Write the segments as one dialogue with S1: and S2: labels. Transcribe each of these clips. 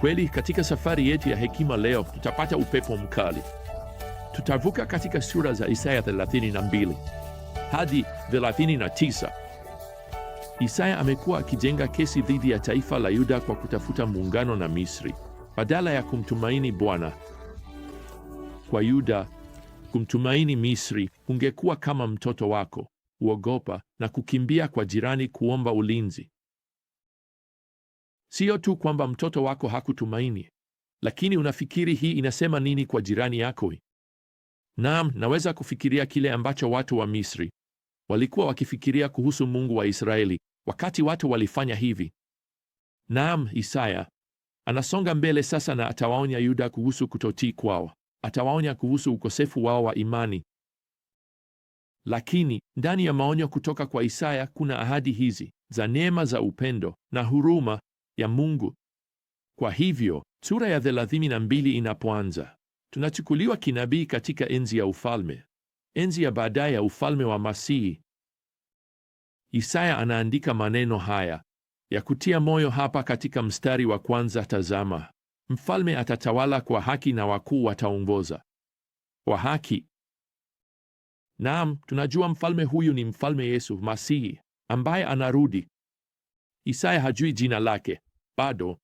S1: kweli, katika safari yetu ya hekima leo tutapata upepo mkali. Tutavuka katika sura za Isaya 32 hadi 39. Isaya amekuwa akijenga kesi dhidi ya taifa la Yuda kwa kutafuta muungano na Misri badala ya kumtumaini Bwana. Kwa Yuda, kumtumaini Misri kungekuwa kama mtoto wako kuogopa na kukimbia kwa jirani kuomba ulinzi. Siyo tu kwamba mtoto wako hakutumaini, lakini unafikiri hii inasema nini kwa jirani yako? Naam, naweza kufikiria kile ambacho watu wa Misri walikuwa wakifikiria kuhusu Mungu wa Israeli wakati watu walifanya hivi. Naam, Isaya anasonga mbele sasa na atawaonya Yuda kuhusu kutotii kwao. Atawaonya kuhusu ukosefu wao wa imani. Lakini ndani ya maonyo kutoka kwa Isaya kuna ahadi hizi za neema za upendo na huruma ya Mungu. Kwa hivyo sura ya thelathini na mbili inapoanza tunachukuliwa kinabii katika enzi ya ufalme, enzi ya baadaye ya ufalme wa Masihi. Isaya anaandika maneno haya ya kutia moyo hapa katika mstari wa kwanza: Tazama, mfalme atatawala kwa haki na wakuu wataongoza kwa haki. Naam, tunajua mfalme huyu ni mfalme Yesu Masihi ambaye anarudi. Isaya hajui jina lake, bado.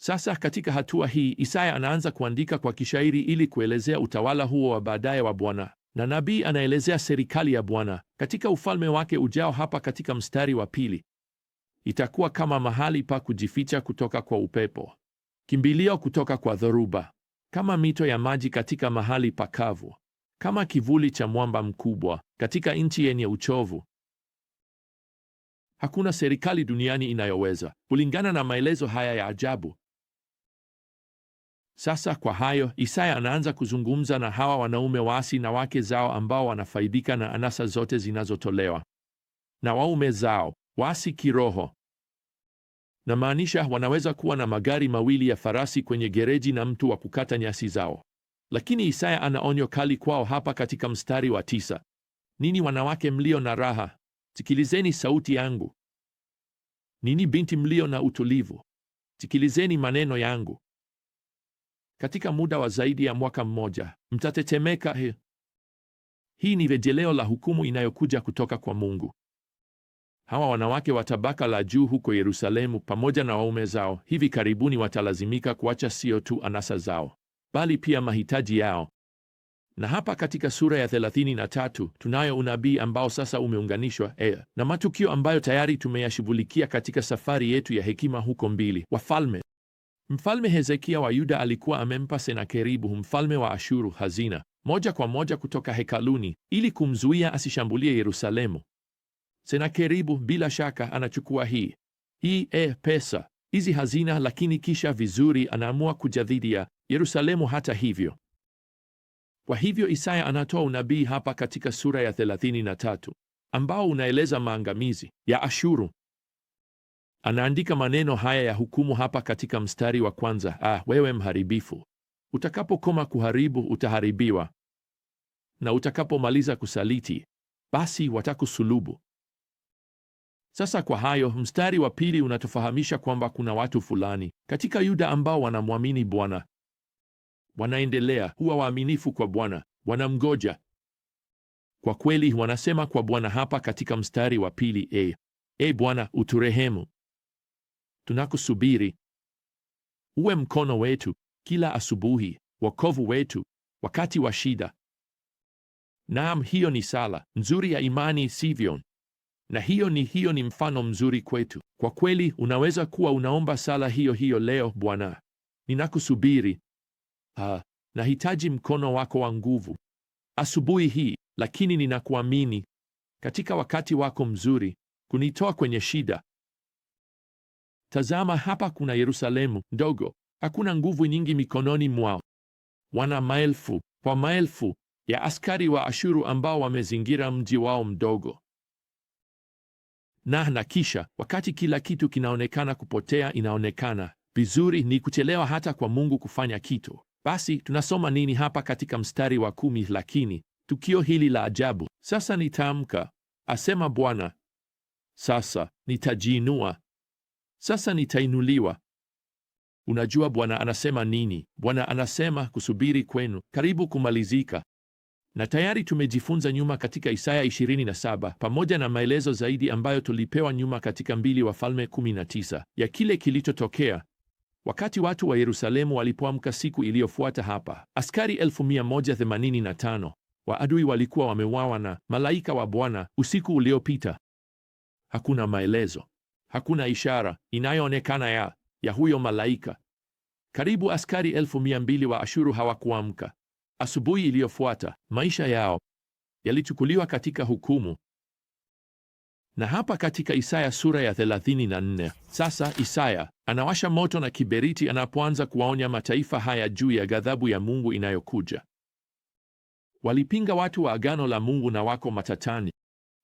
S1: Sasa katika hatua hii Isaya anaanza kuandika kwa kishairi ili kuelezea utawala huo wa baadaye wa Bwana, na nabii anaelezea serikali ya Bwana katika ufalme wake ujao. Hapa katika mstari wa pili, itakuwa kama mahali pa kujificha kutoka kwa upepo, kimbilio kutoka kwa dhoruba, kama mito ya maji katika mahali pakavu, kama kivuli cha mwamba mkubwa katika nchi yenye uchovu. Hakuna serikali duniani inayoweza, kulingana na maelezo haya ya ajabu. Sasa kwa hayo, Isaya anaanza kuzungumza na hawa wanaume waasi na wake zao ambao wanafaidika na anasa zote zinazotolewa na waume zao waasi kiroho. Namaanisha, wanaweza kuwa na magari mawili ya farasi kwenye gereji na mtu wa kukata nyasi zao, lakini Isaya ana onyo kali kwao hapa katika mstari wa tisa: nini wanawake mlio na raha Sikilizeni sauti yangu, nini binti mlio na utulivu, sikilizeni maneno yangu. Katika muda wa zaidi ya mwaka mmoja mtatetemeka. He, hii ni rejeleo la hukumu inayokuja kutoka kwa Mungu. Hawa wanawake wa tabaka la juu huko Yerusalemu pamoja na waume zao hivi karibuni watalazimika kuacha sio tu anasa zao, bali pia mahitaji yao na hapa katika sura ya 33 tunayo unabii ambao sasa umeunganishwa e, na matukio ambayo tayari tumeyashughulikia katika safari yetu ya hekima huko mbili Wafalme. Mfalme Hezekia wa Yuda alikuwa amempa Senakeribu mfalme wa Ashuru hazina moja kwa moja kutoka hekaluni ili kumzuia asishambulie Yerusalemu. Senakeribu bila shaka anachukua hii hii e, pesa hizi hazina, lakini kisha vizuri anaamua kujadhidia ya Yerusalemu. Hata hivyo kwa hivyo Isaya anatoa unabii hapa katika sura ya 33 ambao unaeleza maangamizi ya Ashuru. Anaandika maneno haya ya hukumu hapa katika mstari wa kwanza: Ah, wewe mharibifu, utakapokoma kuharibu utaharibiwa, na utakapomaliza kusaliti, basi watakusulubu. Sasa kwa hayo, mstari wa pili unatufahamisha kwamba kuna watu fulani katika Yuda ambao wanamwamini Bwana wanaendelea, huwa waaminifu kwa Bwana, wanamgoja kwa kweli. Wanasema kwa Bwana hapa katika mstari wa pili, e, e Bwana uturehemu, tunakusubiri, uwe mkono wetu kila asubuhi, wokovu wetu wakati wa shida. Naam, hiyo ni sala nzuri ya imani, sivyo? Na hiyo ni hiyo ni mfano mzuri kwetu. Kwa kweli, unaweza kuwa unaomba sala hiyo hiyo leo: Bwana, ninakusubiri Uh, nahitaji mkono wako wa nguvu asubuhi hii, lakini ninakuamini katika wakati wako mzuri kunitoa kwenye shida. Tazama hapa, kuna Yerusalemu ndogo, hakuna nguvu nyingi mikononi mwao. Wana maelfu kwa maelfu ya askari wa Ashuru ambao wamezingira mji wao mdogo na na kisha, wakati kila kitu kinaonekana kupotea, inaonekana vizuri, ni kuchelewa hata kwa Mungu kufanya kitu. Basi tunasoma nini hapa katika mstari wa kumi? Lakini tukio hili la ajabu sasa nitaamka, asema Bwana, sasa nitajiinua, sasa nitainuliwa. Unajua Bwana anasema nini? Bwana anasema kusubiri kwenu karibu kumalizika, na tayari tumejifunza nyuma katika Isaya 27 pamoja na maelezo zaidi ambayo tulipewa nyuma katika mbili Wafalme 19 ya kile kilichotokea Wakati watu wa Yerusalemu walipoamka siku iliyofuata hapa, askari 185 wa adui walikuwa wamewawa na malaika wa Bwana usiku uliopita. Hakuna maelezo, hakuna ishara inayoonekana ya ya huyo malaika. Karibu askari 1200 wa Ashuru hawakuamka. Asubuhi iliyofuata maisha yao yalichukuliwa katika hukumu na hapa katika Isaya sura ya 34 sasa Isaya anawasha moto na kiberiti anapoanza kuwaonya mataifa haya juu ya ghadhabu ya Mungu inayokuja. Walipinga watu wa agano la Mungu na wako matatani.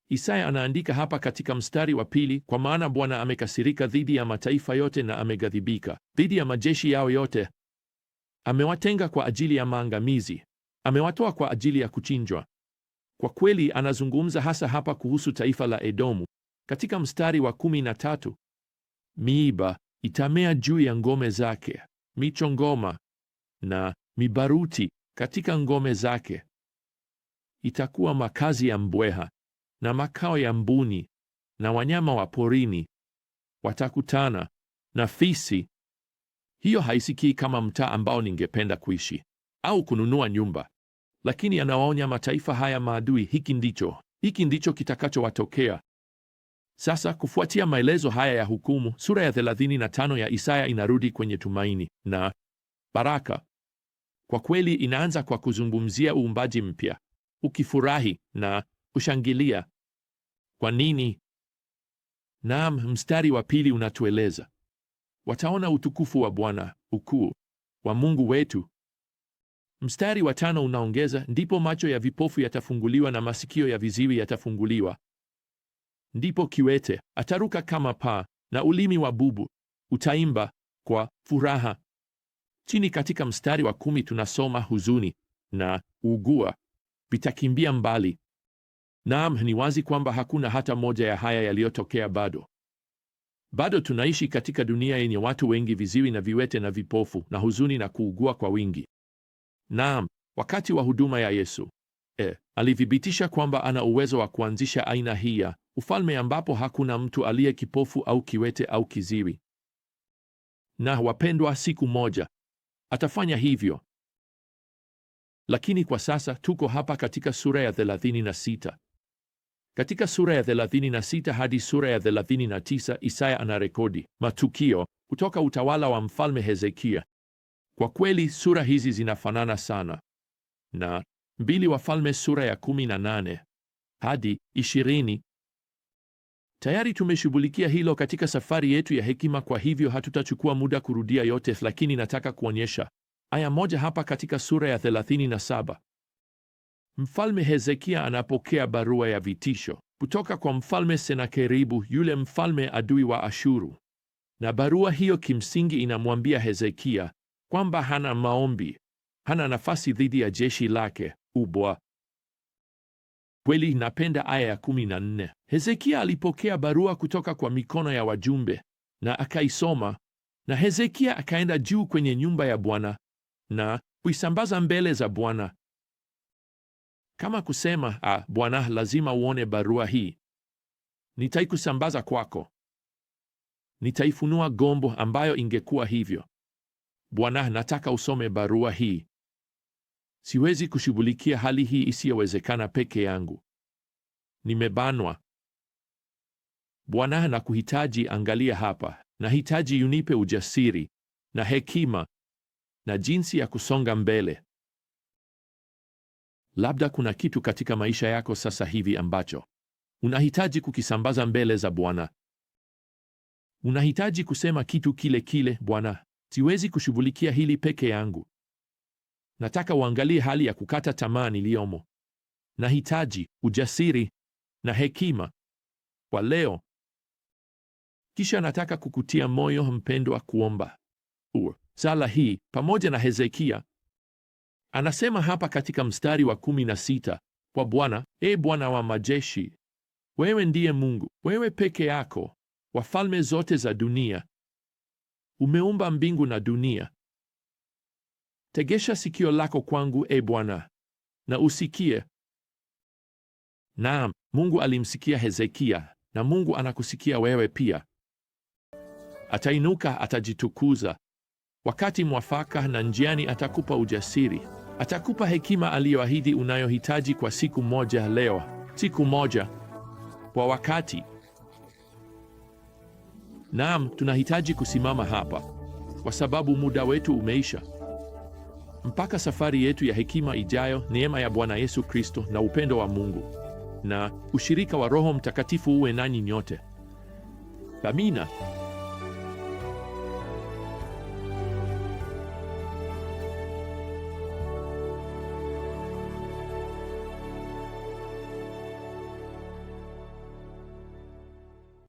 S1: Isaya anaandika hapa katika mstari wa pili, kwa maana Bwana amekasirika dhidi ya mataifa yote na ameghadhibika dhidi ya majeshi yao yote. Amewatenga kwa ajili ya maangamizi, amewatoa kwa ajili ya kuchinjwa. Kwa kweli anazungumza hasa hapa kuhusu taifa la Edomu katika mstari wa kumi na tatu, miiba itamea juu ya ngome zake, michongoma na mibaruti katika ngome zake, itakuwa makazi ya mbweha na makao ya mbuni, na wanyama wa porini watakutana na fisi. Hiyo haisikii kama mtaa ambao ningependa kuishi au kununua nyumba lakini anawaonya mataifa haya maadui, hiki ndicho hiki ndicho kitakachowatokea. Sasa kufuatia maelezo haya ya hukumu, sura ya 35 ya Isaya inarudi kwenye tumaini na baraka. Kwa kweli inaanza kwa kuzungumzia uumbaji mpya, ukifurahi na ushangilia. Kwa nini? Naam, mstari wa pili unatueleza, wataona utukufu wa Bwana, ukuu wa Mungu wetu. Mstari wa tano unaongeza, ndipo macho ya vipofu yatafunguliwa na masikio ya viziwi yatafunguliwa, ndipo kiwete ataruka kama paa na ulimi wa bubu utaimba kwa furaha. Chini katika mstari wa kumi tunasoma huzuni na ugua vitakimbia mbali. Naam, ni wazi kwamba hakuna hata moja ya haya yaliyotokea bado. Bado tunaishi katika dunia yenye watu wengi, viziwi na viwete na vipofu, na huzuni na kuugua kwa wingi. Naam, wakati wa huduma ya Yesu e, alithibitisha kwamba ana uwezo wa kuanzisha aina hii ya ufalme ambapo hakuna mtu aliye kipofu au kiwete au kiziwi. Na wapendwa, siku moja atafanya hivyo. Lakini kwa sasa tuko hapa katika sura ya 36. Katika sura ya 36 hadi sura ya 39 Isaya anarekodi matukio kutoka utawala wa mfalme Hezekia. Kwa kweli sura hizi zinafanana sana na mbili Wafalme sura ya 18 hadi 20. Tayari tumeshughulikia hilo katika safari yetu ya hekima, kwa hivyo hatutachukua muda kurudia yote, lakini nataka kuonyesha aya moja hapa katika sura ya 37. Mfalme Hezekia anapokea barua ya vitisho kutoka kwa mfalme Senakeribu, yule mfalme adui wa Ashuru, na barua hiyo kimsingi inamwambia Hezekia kwamba hana maombi, hana nafasi dhidi ya jeshi lake kubwa. Kweli napenda aya ya 14. Hezekia alipokea barua kutoka kwa mikono ya wajumbe na akaisoma, na Hezekia akaenda juu kwenye nyumba ya Bwana na kuisambaza mbele za Bwana, kama kusema, a Bwana, lazima uone barua hii, nitaikusambaza kwako, nitaifunua gombo ambayo ingekuwa hivyo Bwana, nataka usome barua hii. Siwezi kushughulikia hali hii isiyowezekana peke yangu. Nimebanwa. Bwana, nakuhitaji. Angalia hapa, nahitaji unipe ujasiri na hekima na jinsi ya kusonga mbele. Labda kuna kitu katika maisha yako sasa hivi ambacho unahitaji kukisambaza mbele za Bwana. Unahitaji kusema kitu kile kile, Bwana, Siwezi kushughulikia hili peke yangu. Nataka uangalie hali ya kukata tamaa niliyomo. Nahitaji ujasiri na hekima kwa leo. Kisha nataka kukutia moyo mpendwa, kuomba u sala hii pamoja na Hezekia. Anasema hapa katika mstari wa kumi na sita kwa Bwana, e Bwana wa majeshi, wewe ndiye Mungu, wewe peke yako, wa falme zote za dunia Umeumba mbingu na dunia. Tegesha sikio lako kwangu, e Bwana, na usikie. Naam, Mungu alimsikia Hezekia, na Mungu anakusikia wewe pia. Atainuka, atajitukuza wakati mwafaka, na njiani atakupa ujasiri, atakupa hekima aliyoahidi unayohitaji kwa siku moja leo, siku moja kwa wakati. Naam, tunahitaji kusimama hapa kwa sababu muda wetu umeisha. Mpaka safari yetu ya hekima ijayo, neema ya Bwana Yesu Kristo na upendo wa Mungu na ushirika wa Roho Mtakatifu uwe nanyi nyote. Amina.